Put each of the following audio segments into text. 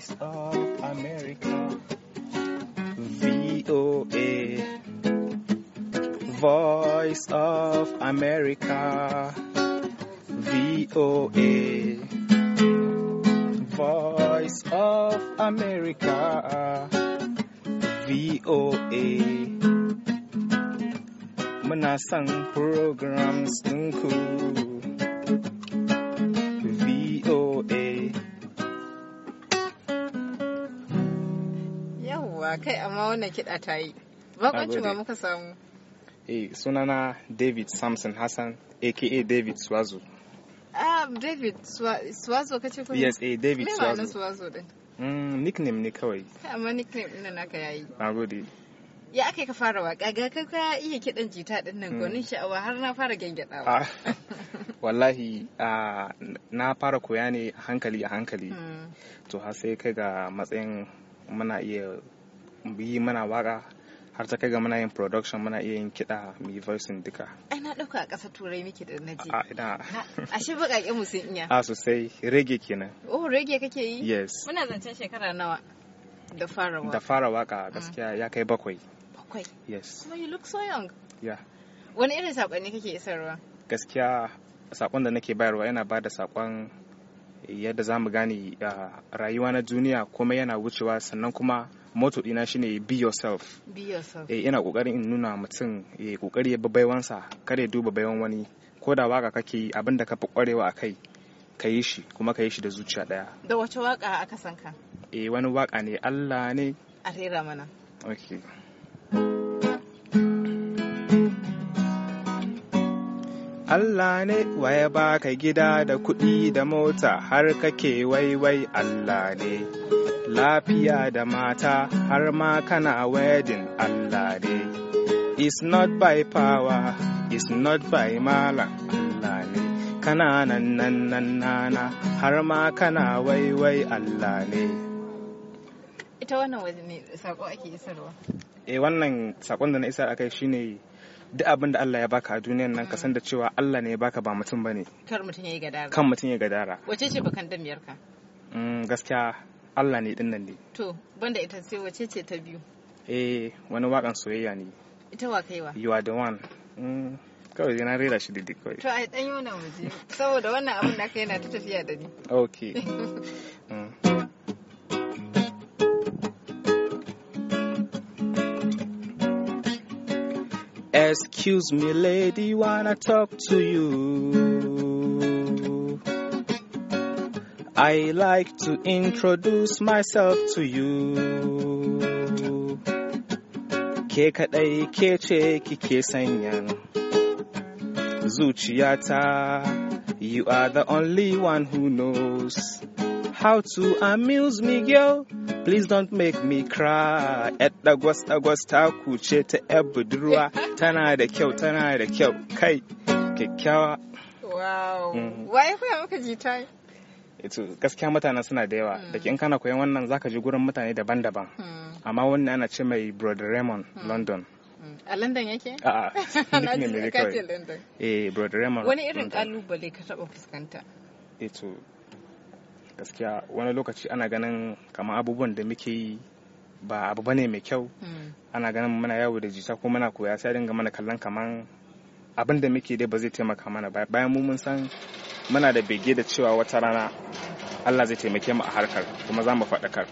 voice of America. VOA. Voice of America. VOA. Voice of America. VOA. Manasang programs ɗinku. ba kai amma wannan kiɗa ta yi bakwancin ba muka samu eh sunana david samson hassan aka david swazo ah david swazo kace ko yes eh david swazo me swazo din mm nickname ne kawai amma nickname din naka yayi nagode ya aka ka fara waka ga kai ka iya kiɗan jita din nan gonin mm. sha'awa har na fara gengadawa ah, wallahi ah, na fara koya ne hankali a hankali mm. to har sai kai ga matsayin muna iya yi mana waka har ta kai ga muna yin production muna iya yin kiɗa mu yi voicing duka. Ai na ɗauka a ƙasa turai muke da naje. A ina. A shi baƙaƙe mu sun iya. A sosai rege kenan. Oh rege kake yi? Yes. Muna zancen shekara nawa da fara waka. Da fara waka gaskiya ya kai bakwai. Bakwai. Yes. Kuma you look so young. Yeah. Wani irin saƙonni kake isarwa? Gaskiya saƙon da nake bayarwa yana ba da saƙon yadda za mu gane ah, rayuwa na duniya kuma yana wucewa sannan kuma moto dina shine be yourself be eh ina kokarin in nuna mutum eh kokari ya babaiwansa kar ya duba baiwan wani ko da waka kake yi abin da ka fi kwarewa akai ka yi shi kuma ka yi shi da zuciya daya da wace waka aka san ka eh wani waka ne Allah ne a rera mana okay Allah ne waya baka gida da kuɗi da mota har kake waiwai Allah ne. lafiya da mata har ma kana wedin Allah ne. It's not by power, it's not by malam Allah ne. Kana nan nan nan nana har ma kana waiwai Allah ne. Ita wannan wani sako ake isarwa? Eh wannan sakon da na isar akai shine duk abin da Allah ya baka a duniyan nan ka san da cewa Allah ne ya baka ba mutum bane. Kar mutum ya yi gadara. Kan mutum ya yi gadara. Wace ce bakan damiyar ka? Mm, gaskiya Allah ne ne to banda ita sai wace ce ta biyu eh wani wakan soyayya ne ita wa kaiwa you are the one mm. kawai rera shi kawai to waje saboda wannan abin da ta tafiya da ni okay mm. Excuse me, lady, wanna talk to you. I like to introduce myself to you. Ke kaɗai ke ce kike sanyan zuciyata. You are the only one who knows how to amuse me, girl. Please don't make me cry. At dagwas dagwas ta kuce ta yar budurwa tana da kyau tana da kyau kai kyakkyawa. Wow. Mm. Why if we have a gaskiya mutane suna da yawa hmm. da in kana koyan wannan zaka ji gurin mutane daban-daban hmm. amma wani ana ce mai brother raymond hmm. london a london yake? a'a nickname ne kawai eh brother raymond wani irin kalubale ka taba fuskanta itu eh gaskiya wani lokaci ana ganin kamar abubuwan da muke yi ba abu bane mai kyau ana ganin muna yawo da jita ko muna koya sai dinga mana kallon kaman abin da muke dai ba zai taimaka mana bayan mu mun san muna da bege da cewa wata rana Allah zai taimake mu a harkar kuma za mu faɗakar.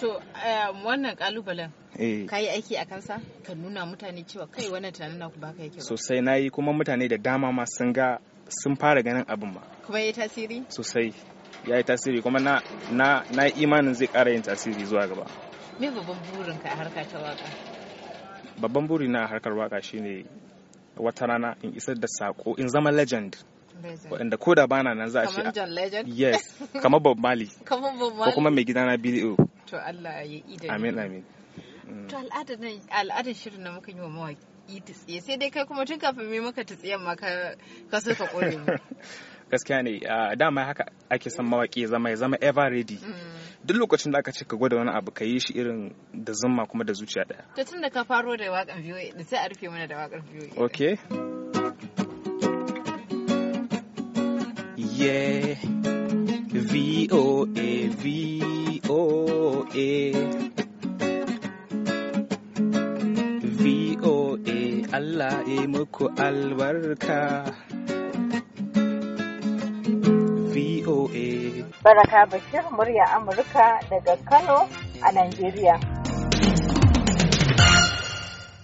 To eh, wannan kalubalen eh. ka yi aiki a kansa ka nuna mutane cewa kai wannan tunanin na ku baka yake ba. Sosai na yi kuma mutane da dama ma sun ga sun fara ganin abin ma. Kuma ya tasiri? Sosai ya yi tasiri kuma na na na imanin zai ƙara yin tasiri zuwa gaba. Me babban burinka a harka ta waka? Babban burina a harkar waka shine wata rana in isar da sako in zama legend. waɗanda ko da bana nan za a ce yes kamar bob mali ko kuma mai gidana billy o to Allah ya yi idan amin amin to al'adar shirin da muka yi wa mawaki tsiye sai dai kai kuma tun kafin mai maka tsiyen ma ka so ka kore mu gaskiya ne dama haka ake son mawaƙi zama ya zama ever ready mm. duk lokacin da aka ce ka gwada wani abu ka yi shi irin da zumma kuma da zuciya daya to tun da ka faro da wakan VOA sai a rufe mana da waƙar VOA okay yeah VOA VOA VOA Allah ya muku albarka VOA Baraka Bashir murya Amurka daga Kano a Najeriya.